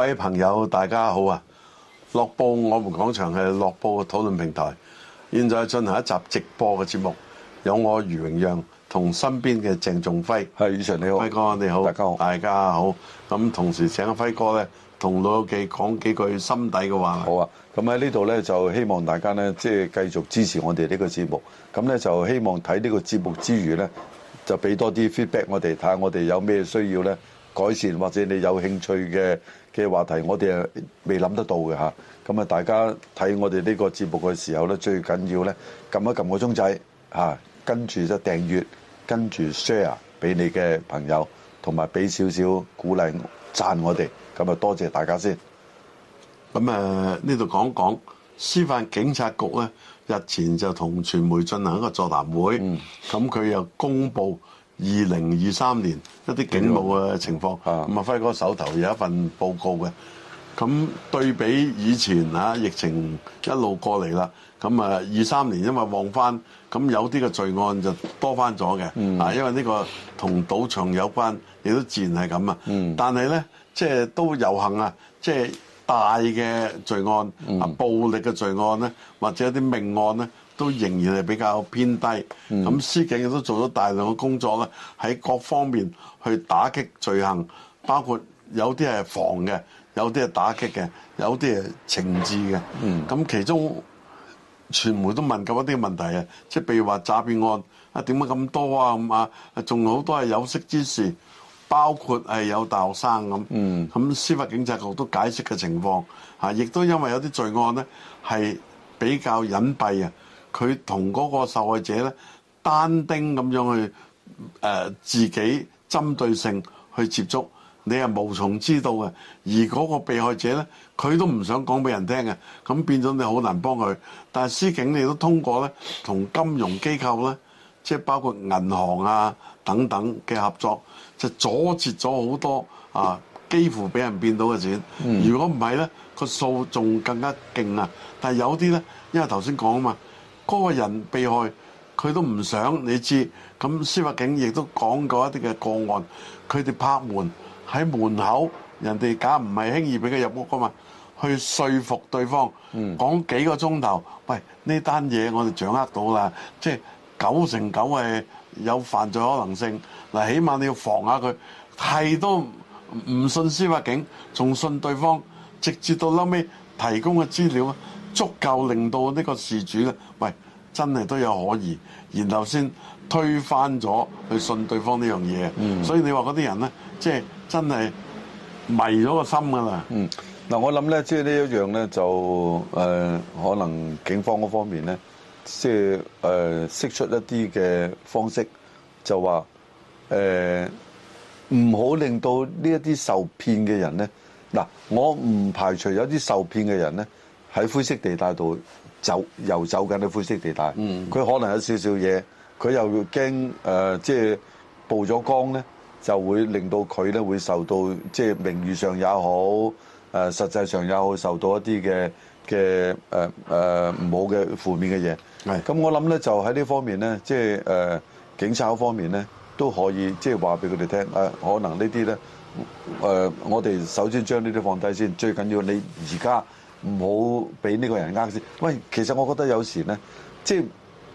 各位朋友，大家好啊！樂報，我們講場係樂報嘅討論平台，現在進行一集直播嘅節目，有我余榮讓同身邊嘅鄭仲輝，係宇晨你好，輝哥你好，大家好，大家好。咁同時請輝哥咧同老友記講幾句心底嘅話。好啊！咁喺呢度咧就希望大家咧即係繼續支持我哋呢個節目。咁咧就希望睇呢個節目之餘咧就俾多啲 feedback 我哋，睇下我哋有咩需要咧改善，或者你有興趣嘅。嘅話題我們沒想，我哋啊未諗得到嘅嚇，咁啊大家睇我哋呢個節目嘅時候咧，最緊要咧撳一撳個鐘仔嚇，跟住就訂閱，跟住 share 俾你嘅朋友，同埋俾少少鼓勵讚我哋，咁啊多謝大家先。咁誒呢度講講，司法警察局咧日前就同傳媒進行一個座談會，咁佢、嗯、又公布。二零二三年一啲警務嘅情況，咁啊輝哥手頭有一份報告嘅，咁對比以前啊疫情一路過嚟啦，咁啊二三年因為旺翻，咁有啲嘅罪案就多翻咗嘅，啊、嗯、因為呢個同賭場有關，亦都自然係咁、嗯就是、啊，但係咧即係都有幸啊，即係。大嘅罪案啊，暴力嘅罪案咧，或者啲命案咧，都仍然係比較偏低。咁司、嗯、警亦都做咗大量嘅工作啦，喺各方面去打擊罪行，包括有啲係防嘅，有啲係打擊嘅，有啲係懲治嘅。咁、嗯、其中，傳媒都問及一啲問題啊，即係譬如話詐騙案啊，點解咁多啊？咁啊，仲有好多係有識之士。包括係有大學生咁，咁司法警察局都解釋嘅情況吓，亦都、嗯、因為有啲罪案呢係比較隱蔽啊，佢同嗰個受害者呢單丁咁樣去誒、呃、自己針對性去接觸，你係無從知道嘅。而嗰個被害者呢，佢都唔想講俾人聽嘅，咁變咗你好難幫佢。但係司警你都通過呢同金融機構呢。即係包括銀行啊等等嘅合作，就阻截咗好多啊，幾乎俾人變到嘅錢。如果唔係咧，個數仲更加勁啊！但係有啲咧，因為頭先講啊嘛，嗰、那個人被害，佢都唔想你知。咁司法警亦都講過一啲嘅個案，佢哋拍門喺門口，人哋假唔係輕易俾佢入屋噶嘛，去說服對方講、嗯、幾個鐘頭，喂呢單嘢我哋掌握到啦，即係九成九係有犯罪可能性，嗱，起碼你要防下佢。係都唔信司法警，仲信對方，直至到撈尾提供嘅資料足夠令到呢個事主咧，喂，真係都有可疑，然後先推翻咗去信對方呢樣嘢。嗯，所以你話嗰啲人咧，即係真係迷咗個心㗎啦。嗯，嗱，我諗咧，即係呢一樣咧，就誒、呃，可能警方嗰方面咧。即係誒釋出一啲嘅方式就，就話誒唔好令到呢一啲受騙嘅人咧。嗱，我唔排除有啲受騙嘅人咧喺灰色地帶度走遊走緊啲灰色地帶。嗯，佢可能有少少嘢，佢又驚誒，即係曝咗光咧，就會令到佢咧會受到即係、就是、名譽上也好，誒、呃、實際上也好受到一啲嘅。嘅誒誒唔好嘅負面嘅嘢，咁是的 我諗咧就喺呢方面咧，即係誒警察方面咧都可以即係話俾佢哋聽、呃、可能呢啲咧誒，我哋首先將呢啲放低先，最緊要你而家唔好俾呢個人呃先。喂，其實我覺得有時咧，即係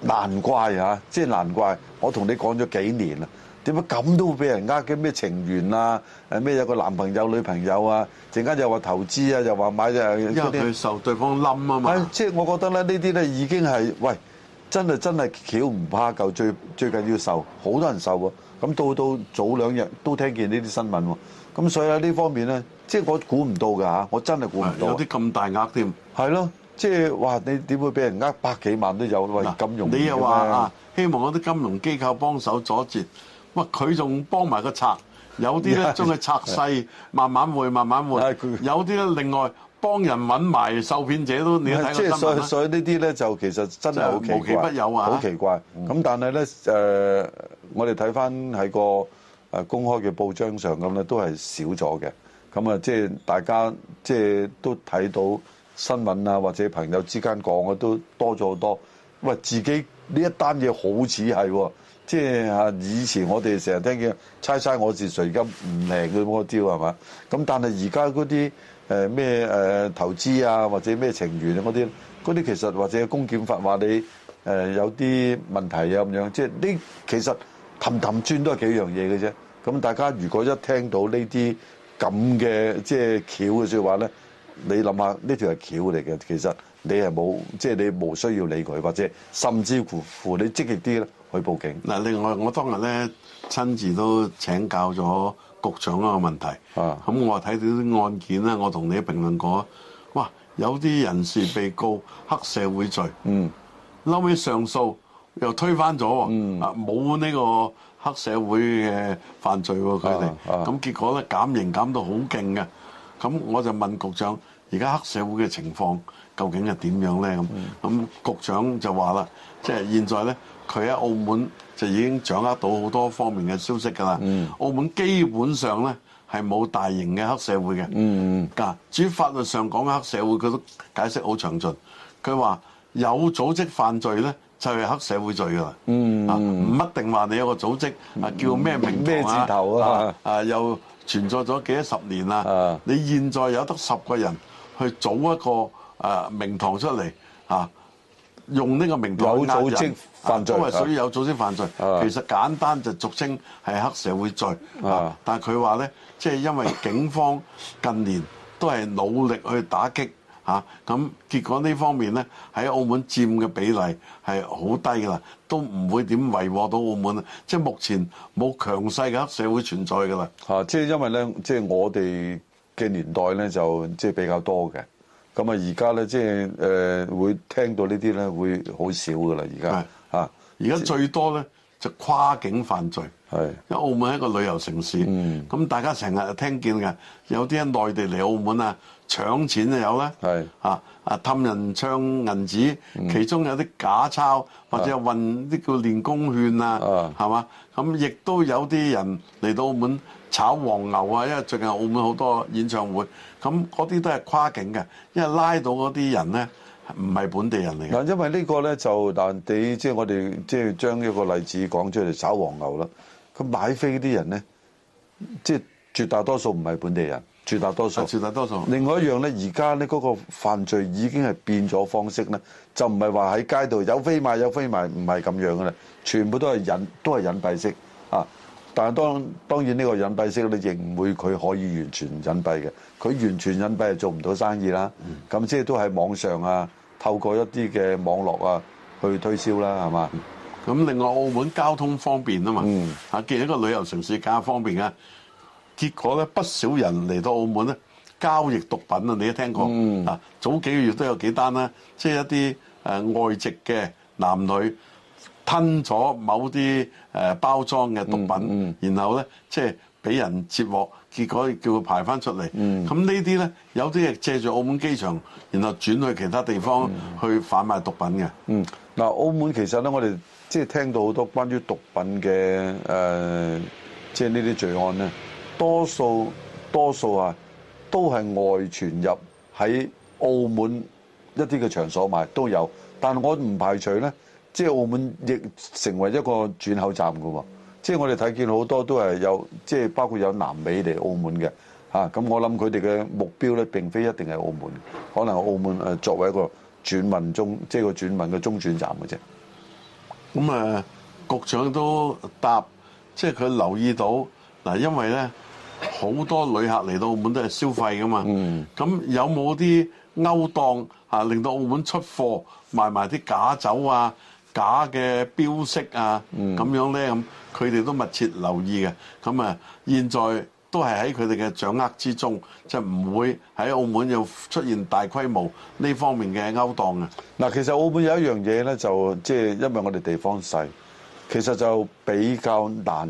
難怪啊，即係難怪我同你講咗幾年啊，點解咁都會俾人呃嘅咩情緣啊？咩有個男朋友女朋友啊？陣間又話投資啊，又話買啊，又因為佢受對方冧啊嘛。即係、就是、我覺得咧，呢啲咧已經係喂，真係真係橋唔怕舊，最最緊要受好多人受喎。咁到到早兩日都聽見呢啲新聞喎。咁所以喺呢方面咧，即、就、係、是、我估唔到㗎嚇，我真係估唔到。有啲咁大額添。係咯，即、就、係、是、哇！你點會俾人呃百幾萬都有喂？啊、金融你又話的啊，希望嗰啲金融機構幫手阻截，哇！佢仲幫埋個賊。有啲咧將佢拆細是的 慢慢，慢慢換，慢慢換。有啲咧另外幫人搵埋受騙者都。你即係所所以呢啲咧就其實真係無奇不有啊！好奇怪。咁、嗯嗯、但係咧誒，我哋睇翻喺個公開嘅報章上咁咧，都係少咗嘅。咁啊，即係大家即係都睇到新聞啊，或者朋友之間講嘅都多咗好多。喂，自己呢一單嘢好似係，即係啊！以前我哋成日聽嘅「猜猜我是誰」咁唔靈嘅嗰招係嘛？咁但係而家嗰啲誒咩誒投資啊，或者咩情緣呀嗰啲，嗰啲其實或者公檢法話你誒、呃、有啲問題啊咁樣，即係呢其實氹氹轉都係幾樣嘢嘅啫。咁大家如果一聽到、就是、呢啲咁嘅即係橋嘅說話咧，你諗下呢條係橋嚟嘅，其實。你係冇，即係你冇需要理佢，或者甚至乎乎你積極啲去報警。嗱，另外我當日咧親自都請教咗局長一個問題。啊，咁我睇到啲案件咧，我同你評論過，哇，有啲人士被告黑社會罪。嗯。嬲尾上訴又推翻咗。嗯。啊，冇呢個黑社會嘅犯罪喎，佢哋。啊。咁結果咧減刑減到好勁嘅，咁我就問局長。而家黑社會嘅情況究竟係點樣咧？咁咁局長就話啦，即係現在咧，佢喺澳門就已經掌握到好多方面嘅消息噶啦。澳門基本上咧係冇大型嘅黑社會嘅。啊，至於法律上講嘅黑社會，佢都解釋好詳盡。佢話有組織犯罪咧就係黑社會罪噶啦。啊，唔一定話你有個組織啊，叫咩名咩字頭啊，啊又存在咗幾多十年啦，你現在有得十個人。去組一個誒名堂出嚟嚇，用呢個名堂嚟呃人。因為屬於有組織犯罪。犯罪啊、其實簡單就是俗稱係黑社會罪。啊、但係佢話呢，即、就、係、是、因為警方近年都係努力去打擊嚇，咁、啊、結果呢方面呢，喺澳門佔嘅比例係好低㗎啦，都唔會點違和到澳門。即、就、係、是、目前冇強勢嘅黑社會存在㗎啦。嚇、啊！即、就、係、是、因為呢，即、就、係、是、我哋。嘅年代咧就即係比較多嘅，咁啊而家咧即係誒會聽到呢啲咧會好少噶啦而家啊，而家最多咧就跨境犯罪，是因為澳門係一個旅遊城市，咁、嗯、大家成日聽見嘅有啲人內地嚟澳門啊搶錢就有是啊有啦。咧，啊啊氹人搶銀紙，嗯、其中有啲假鈔或者運啲叫練功券啊，係嘛、啊？咁亦、啊、都有啲人嚟到澳門。炒黃牛啊，因為最近澳門好多演唱會，咁嗰啲都係跨境嘅，因為拉到嗰啲人咧唔係本地人嚟嘅。嗱，因為呢個呢個咧就難，但你即係我哋即係將一個例子講出嚟，炒黃牛啦，噉買飛啲人咧，即係絕大多數唔係本地人，絕大多數。係，絕大多數。另外一樣咧，而家咧嗰個犯罪已經係變咗方式咧，就唔係話喺街度有飛賣有飛賣，唔係咁樣嘅啦，全部都係隱都係隱蔽式啊。但係當當然呢個隱蔽性，你亦唔會佢可以完全隱蔽嘅。佢完全隱蔽係做唔到生意啦。咁即係都喺網上啊，透過一啲嘅網絡啊去推銷啦，係嘛？咁另外澳門交通方便啊嘛，見、嗯、一個旅遊城市更加方便嘅。結果咧，不少人嚟到澳門咧交易毒品啊，你都聽過啊？嗯、早幾個月都有幾單啦，即係一啲誒外籍嘅男女。吞咗某啲誒包裝嘅毒品，嗯嗯、然後咧即係俾人接獲，結果叫佢排翻出嚟。咁、嗯、呢啲咧，有啲係借住澳門機場，然後轉去其他地方去販賣毒品嘅、嗯。嗯，嗱，澳門其實咧，我哋即係聽到好多關於毒品嘅誒，即係呢啲罪案咧，多數多數啊，都係外傳入喺澳門一啲嘅場所賣都有，但係我唔排除咧。即係澳門亦成為一個轉口站㗎喎，即係我哋睇見好多都係有，即係包括有南美嚟澳門嘅，嚇咁我諗佢哋嘅目標咧，並非一定係澳門，可能澳門誒作為一個轉運中，即係個轉運嘅中轉站嘅啫、嗯。咁啊，局長都答，即係佢留意到嗱，因為咧好多旅客嚟到澳門都係消費㗎嘛，咁、嗯、有冇啲勾當嚇令到澳門出貨賣埋啲假酒啊？假嘅標識啊，咁樣咧咁，佢哋都密切留意嘅。咁啊，現在都係喺佢哋嘅掌握之中，就唔會喺澳門又出現大規模呢方面嘅勾當嘅。嗱，其實澳門有一樣嘢咧，就即係因為我哋地方細，其實就比較難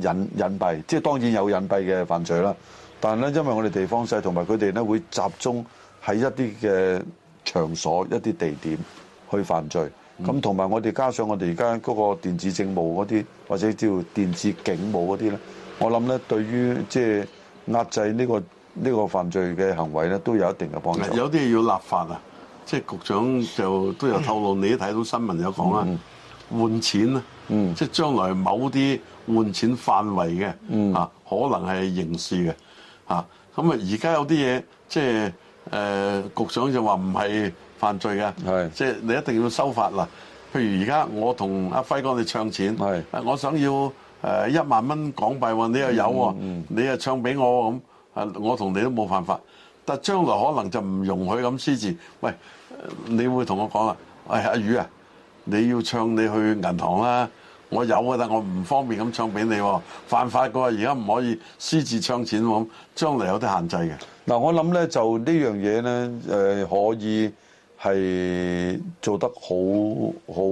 隱隱蔽。即係當然有隱蔽嘅犯罪啦，但係咧因為我哋地方細，同埋佢哋咧會集中喺一啲嘅場所、一啲地點去犯罪。咁同埋我哋加上我哋而家嗰個電子政務嗰啲，或者叫電子警務嗰啲咧，我諗咧對於即係壓制呢個呢個犯罪嘅行為咧，都有一定嘅幫助。有啲嘢要立法啊，即係局長就都有透露，你都睇到新聞有講啦，嗯，換錢啊，嗯，即係將來某啲換錢範圍嘅，嗯，啊，可能係刑事嘅啊，咁啊而家有啲嘢即係誒局長就話唔係。犯罪嘅，即係是你一定要收法啦。譬如而家我同阿輝哥你唱錢，是我想要誒一萬蚊港幣喎，你又有喎，嗯嗯、你又唱俾我咁，我同你都冇犯法。但係將來可能就唔容許咁私自，喂，你會同我講啦，喂、哎、阿余啊，你要唱你去銀行啦，我有嘅，但我唔方便咁唱俾你，犯法嘅話，而家唔可以私自唱錢喎，將來有啲限制嘅。嗱，我諗咧就呢樣嘢咧誒可以。係做得好好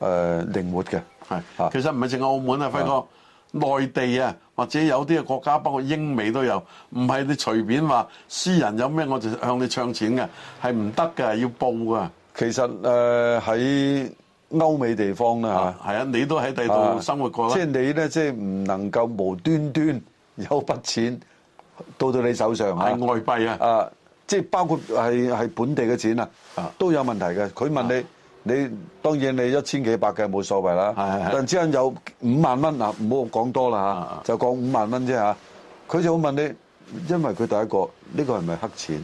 誒靈活嘅，係其實唔係淨係澳門啊，輝哥，內地啊，或者有啲嘅國家，包括英美都有，唔係你隨便話，私人有咩我就向你唱錢嘅，係唔得嘅，要報嘅。其實誒喺、呃、歐美地方啦嚇，係啊，啊，你都喺第度生活過，即係、啊就是、你咧，即係唔能夠無端端有筆錢到到你手上係外啊，外幣啊，啊。即係包括係係本地嘅錢啊，都有問題嘅。佢問你，你當然你一千幾百嘅冇所謂啦。是是是但只係有五萬蚊嗱，唔好講多啦嚇，就講五萬蚊啫嚇。佢就會問你，因為佢第一個呢個係咪黑錢？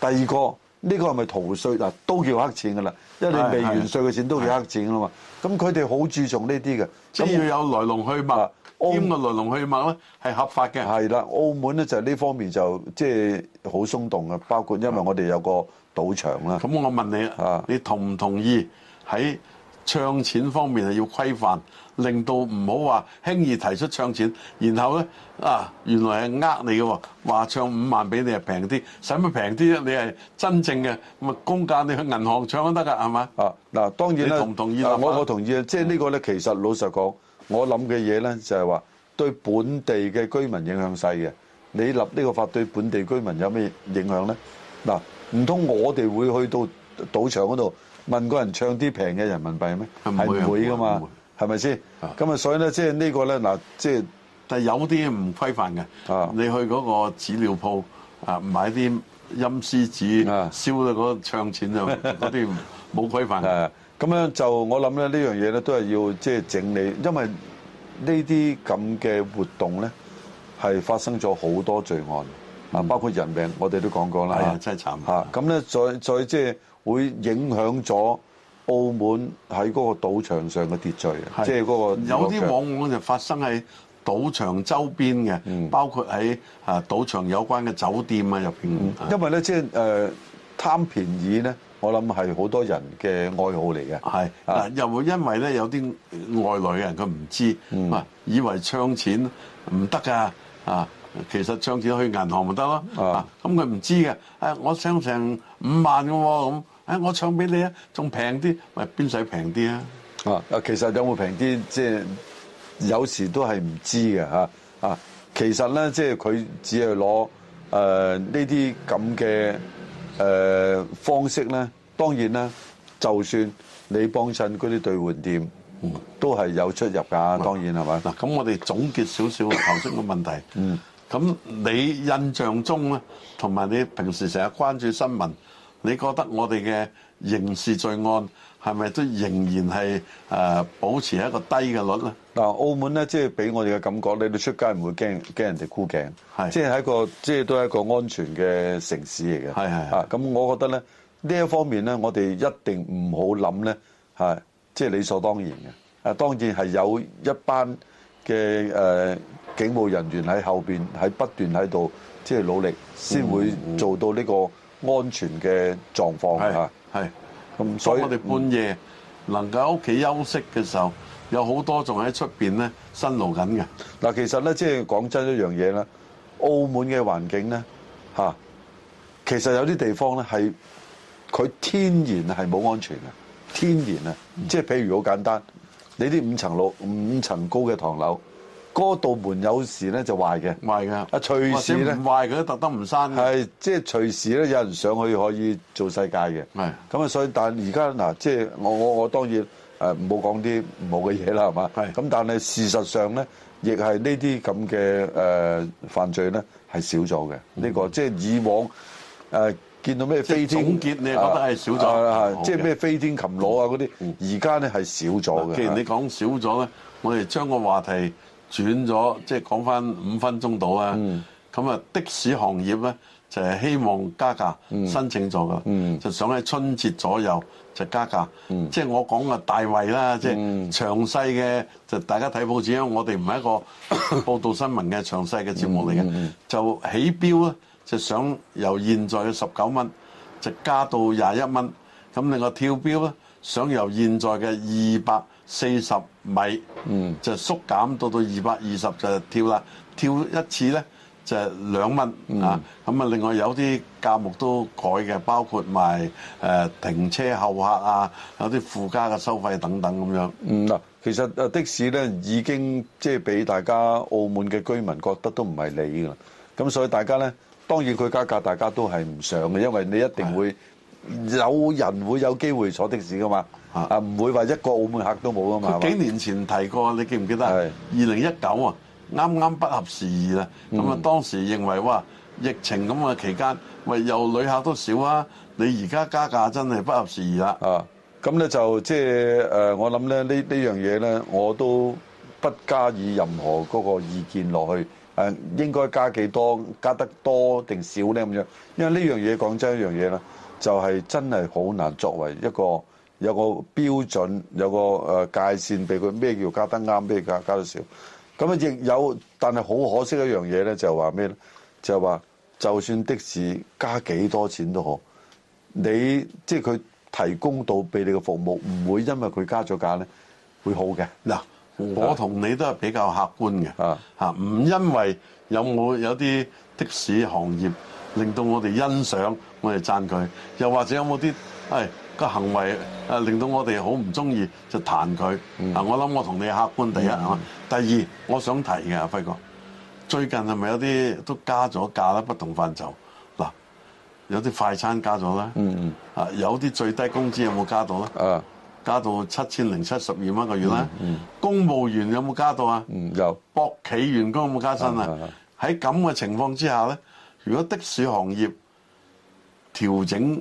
第二個呢個係咪逃稅嗱？都叫黑錢㗎啦，因為你未完稅嘅錢都叫黑錢㗎嘛。咁佢哋好注重呢啲嘅，咁要有來龍去脈。兼個來龍去脈咧係合法嘅。係啦，澳門咧就呢方面就即係好鬆動嘅，包括因為我哋有個賭場啦。咁我問你啊，你同唔同意喺唱錢方面係要規範，令到唔好話輕易提出唱錢，然後咧啊原來係呃你嘅喎，話唱五萬俾你係平啲，使乜平啲啫？你係真正嘅咁啊公價，你去銀行唱都得噶，係嘛？啊嗱、嗯，當然咧同唔同意、嗯，我我同意啊，即係呢個咧其實老實講。我諗嘅嘢咧，就係話對本地嘅居民影響細嘅。你立呢個法對本地居民有咩影響咧？嗱，唔通我哋會去到賭場嗰度問個人唱啲平嘅人民幣咩？係唔會噶嘛？係咪先？咁啊，所以咧，即係呢個咧，嗱的，即係但係有啲唔規範嘅。的你去嗰個紙料鋪啊，買啲陰司紙，燒咗嗰個唱錢就嗰啲冇規範嘅。咁樣就我諗咧，呢樣嘢咧都係要即係整理，因為呢啲咁嘅活動咧係發生咗好多罪案啊，包括人命，我哋都講過啦。係啊，真係慘。嚇，咁咧再再即係會影響咗澳門喺嗰個賭場上嘅秩序，即係嗰個有啲往往就發生喺賭場周邊嘅，包括喺啊賭場有關嘅酒店啊入邊。因為咧，即係誒貪便宜咧。我諗係好多人嘅愛好嚟嘅，係嗱是、啊、又會因為咧有啲外來嘅人佢唔知，唔、嗯、以為唱錢唔得噶啊，其實唱錢去銀行咪得咯。啊咁佢唔知嘅，誒我唱成五萬嘅喎咁，誒、啊、我唱俾你啊，仲平啲，咪邊使平啲啊？啊啊，其實有冇平啲？即、就、係、是、有時都係唔知嘅嚇啊，其實咧即係佢只係攞誒呢啲咁嘅。呃這誒方式呢，當然啦，就算你幫襯嗰啲兌換店，都係有出入㗎。當然係咪？嗱，咁我哋總結少少頭先嘅問題。嗯，咁你印象中呢，同埋你平時成日關注新聞，你覺得我哋嘅刑事罪案？係咪都仍然係誒保持一個低嘅率咧？嗱，澳門咧，即係俾我哋嘅感覺，你哋出街唔會驚驚人哋箍頸，係即係喺一個即係、即係、都係一個安全嘅城市嚟嘅。係係啊，咁我覺得咧，呢這一方面咧，我哋一定唔好諗咧係即係理所當然嘅。啊，當然係有一班嘅誒、啊、警務人員喺後邊喺不斷喺度即係努力，先會做到呢個安全嘅狀況嚇係。嗯嗯啊所以我哋半夜能夠喺屋企休息嘅時候，有好多仲喺出邊咧辛勞緊嘅。嗱，其實咧，即係講真一樣嘢啦，澳門嘅環境咧，嚇、啊，其實有啲地方咧係佢天然係冇安全嘅，天然啊，嗯、即係譬如好簡單，你啲五層樓、五層高嘅唐樓。嗰道門有時咧就壞嘅，壞嘅啊隨時咧壞嘅，都特登唔閂嘅，即係隨時咧有人上去可以做世界嘅，係咁啊！所以但係而家嗱，即係我我我當然誒冇講啲唔好嘅嘢啦，係嘛？係咁，但係事實上咧，亦係呢啲咁嘅誒犯罪咧係少咗嘅呢個，即係以往誒見到咩飛天，總結你係覺得係少咗，係即係咩飛天擒攞啊嗰啲，而家咧係少咗嘅。既然你講少咗咧，我哋將個話題。轉咗，即係講翻五分鐘到啊！咁啊、嗯，的士行業呢，就係、是、希望加價，申請咗噶，嗯、就想喺春節左右就加價。嗯、即係我講嘅大圍啦，即係、嗯、詳細嘅就大家睇報紙，啊，因為我哋唔係一個報道新聞嘅詳細嘅節目嚟嘅，嗯嗯嗯、就起標呢，就想由現在嘅十九蚊就加到廿一蚊，咁另外跳標呢，想由現在嘅二百四十。米、嗯、就縮減到到二百二十就跳啦，跳一次呢，就兩、係、蚊、嗯、啊！咁啊，另外有啲價目都改嘅，包括埋誒、呃、停車候客啊，有啲附加嘅收費等等咁樣。嗱、嗯，其實的士呢，已經即係俾大家澳門嘅居民覺得都唔係你噶啦，咁所以大家呢，當然佢加價格大家都係唔想嘅，因為你一定會有人會有機會坐的士噶嘛。啊！唔、啊、會話一個澳門客都冇啊嘛！幾幾年前提過，吧你記唔記得<是 >2019 啊？二零一九啊，啱啱不合時宜啦。咁啊、嗯，當時認為哇，疫情咁嘅期間，咪又旅客都少啊。你而家加價真係不合時宜啦。啊！咁咧就即係、就是呃、我諗咧呢呢樣嘢咧，我都不加以任何嗰個意見落去。誒、呃，應該加幾多？加得多定少咧？咁樣，因為呢樣嘢講真一樣嘢呢，就係、是、真係好難作為一個。有個標準，有個誒界線俾佢咩叫加得啱，咩加加得少。咁啊亦有，但係好可惜一樣嘢咧，就係話咩咧？就係話就算的士加幾多錢都好，你即係佢提供到俾你嘅服務，唔會因為佢加咗價咧，會好嘅。嗱，我同你都係比較客觀嘅啊嚇，唔因為有冇有啲的士行業令到我哋欣賞，我哋讚佢，又或者有冇啲係？個行為令到我哋好唔中意就彈佢、嗯、我諗我同你客觀地啊，嗯嗯、第二我想提嘅輝哥，最近係咪有啲都加咗價啦？不同範疇嗱，有啲快餐加咗啦，啊有啲最低工資有冇加到啦啊、嗯、加到七千零七十二蚊個月啦！嗯嗯、公務員有冇加到啊？嗯，博企員工有冇加薪啊？喺咁嘅情況之下咧，如果的士行業調整，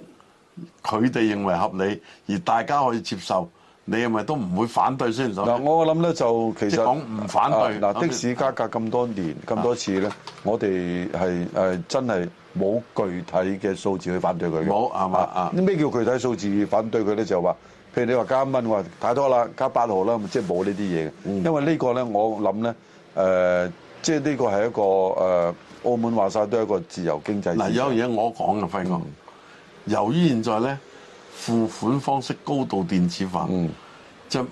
佢哋認為合理而大家可以接受，你係咪都唔會反對先？嗱，我諗咧就其實唔反對。嗱、啊，啊、說的士加價格咁多年咁、啊、多次咧，我哋係誒真係冇具體嘅數字去反對佢冇啊嘛啊！啲咩、啊、叫具體嘅數字反對佢咧？就話譬如你話加一蚊、就是嗯，我話太多啦，加八毫啦，即係冇呢啲嘢。因為呢個咧，我諗咧誒，即係呢個係一個誒、呃，澳門話晒都係一個自由經濟。嗱、啊，有樣嘢我講啊，輝哥。嗯由於現在咧付款方式高度電子化，嗯、就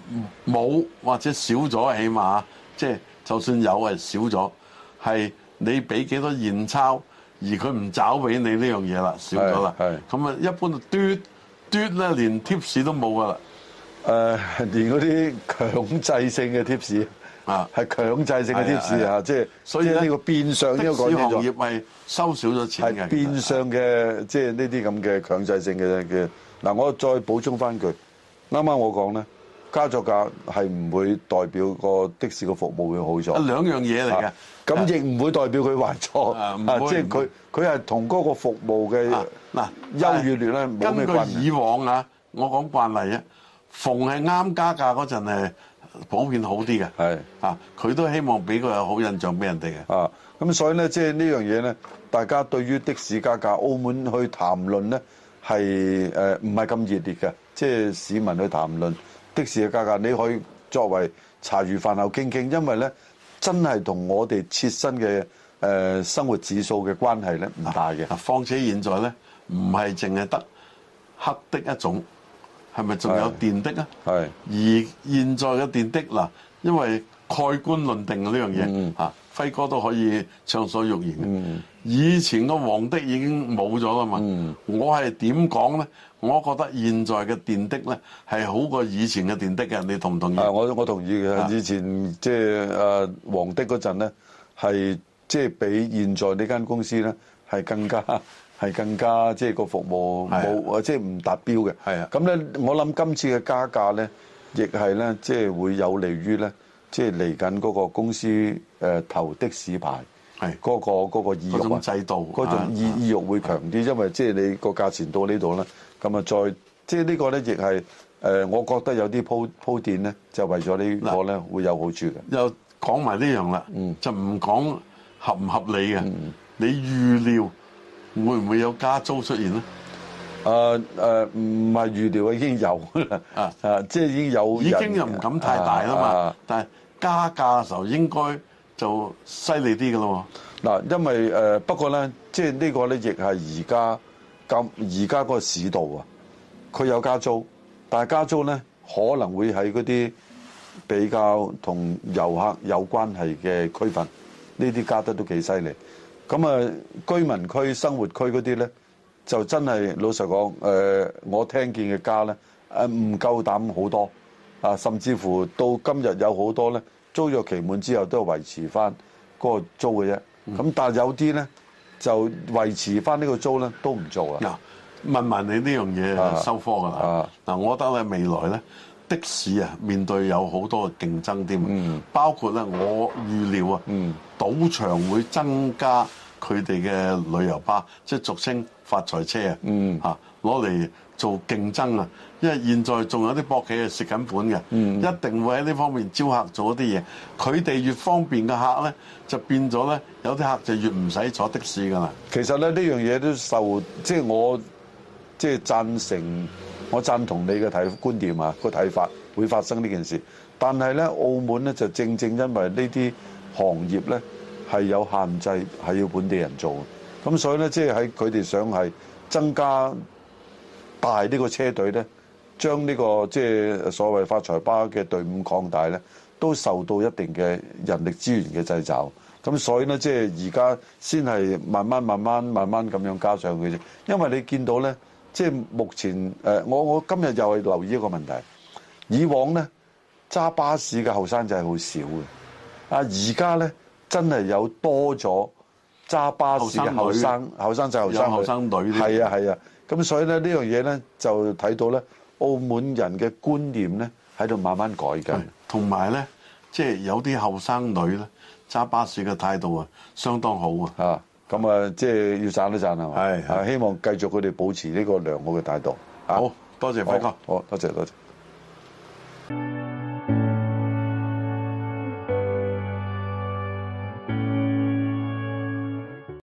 冇或者少咗，起碼即係、就是、就算有係少咗，係你俾幾多現鈔，而佢唔找俾你呢樣嘢啦，少咗啦。咁啊，一般嘟嘟咧連貼士都冇噶啦，誒、呃，連嗰啲強制性嘅貼士。啊，係強制性嘅貼士啊，即係所以呢呢個說說變相呢個改呢個業咪收少咗錢嘅變相嘅，即係呢啲咁嘅強制性嘅嘅。嗱，我再補充翻句，啱啱我講咧，加咗價係唔會代表個的士個服務嘅好咗。兩樣嘢嚟嘅，咁亦唔會代表佢壞咗。即係佢佢係同嗰個服務嘅嗱優越劣咧冇咩關聯。啊、根據以往啊，我講慣例啊，逢係啱加價嗰陣係。普遍好啲嘅，係啊，佢都希望俾佢有好印象俾人哋嘅。啊，咁所以呢，即係呢樣嘢呢，大家對於的士價格，澳門去談論呢，係呃唔係咁熱烈嘅。即係市民去談論的士嘅價格，你可以作為茶餘飯後傾傾，因為呢，真係同我哋切身嘅，呃、生活指數嘅關係呢，唔大嘅。啊、況且現在呢，唔係淨係得黑的一種。係咪仲有電的啊？係係，而現在嘅電的嗱，因為蓋棺論定嘅呢樣嘢，啊輝哥都可以暢所欲言嘅。以前嘅黃的已經冇咗啦嘛。我係點講咧？我覺得現在嘅電的咧係好過以前嘅電的嘅。你同唔同意啊？我我同意嘅。以前即係誒黃的嗰陣咧，係即係比現在呢間公司咧係更加。係更加即係個服務冇啊，即係唔達標嘅。係啊，咁咧我諗今次嘅加價咧，亦係咧即係會有利於咧，即係嚟緊嗰個公司誒投的士牌。係嗰個嗰個意欲制度，嗰種意意欲會強啲，因為即係你個價錢到呢度咧，咁啊再即係呢個咧亦係誒，我覺得有啲鋪鋪墊咧，就為咗呢個咧會有好處嘅。又講埋呢樣啦，就唔講合唔合理呀，你預料。會唔會有加租出現咧？誒誒、呃，唔、呃、係預料已經有啦，啊啊，即係已經有，已經又唔敢太大啦嘛。啊啊、但係加價嘅時候應該就犀利啲嘅咯。嗱、啊，因為誒不過咧，即係呢個咧，亦係而家今而家嗰個市道啊，佢有加租，但係加租咧可能會喺嗰啲比較同遊客有關係嘅區份，呢啲加得都幾犀利。咁啊，居民區、生活區嗰啲咧，就真係老實講，誒、呃，我聽見嘅家咧，唔夠膽好多，啊，甚至乎到今日有好多咧，租約期滿之後都係維持翻嗰個租嘅啫。咁、嗯、但係有啲咧就維持翻呢個租咧，都唔做啦。嗱，問埋你呢樣嘢收科㗎啦？嗱，我覺得你未來咧。的士啊，面對有好多嘅競爭添。啊、嗯，包括咧，我預料啊，嗯、賭場會增加佢哋嘅旅遊巴，即、就、係、是、俗稱發財車啊，嚇攞嚟做競爭啊，因為現在仲有啲博企係蝕緊本嘅，嗯、一定會喺呢方面招客做一啲嘢。佢哋越方便嘅客咧，就變咗咧，有啲客就越唔使坐的士㗎啦。其實咧，呢樣嘢都受即係、就是、我即係、就是、贊成。我贊同你嘅睇觀點啊，個睇法會發生呢件事，但係呢，澳門呢就正正因為呢啲行業呢係有限制，係要本地人做的，咁所以呢，即係喺佢哋想係增加大呢個車隊呢，將呢個即係所謂發財巴嘅隊伍擴大呢，都受到一定嘅人力資源嘅掣肘，咁所以呢，即係而家先係慢慢慢慢慢慢咁樣加上佢啫，因為你見到呢。即係目前誒、呃，我我今日又係留意一個問題。以往咧揸巴士嘅後生仔好少嘅，啊而家咧真係有多咗揸巴士嘅後生後生仔後生女，係啊係啊。咁、啊啊、所以咧呢樣嘢咧就睇到咧澳門人嘅觀念咧喺度慢慢改緊，同埋咧即係有啲後生女咧揸巴士嘅態度啊，相當好啊。吓。咁啊，即係要贊都贊啊！係，係希望繼續佢哋保持呢個良好嘅態度。好多謝，輝好哥。好多謝多謝。多謝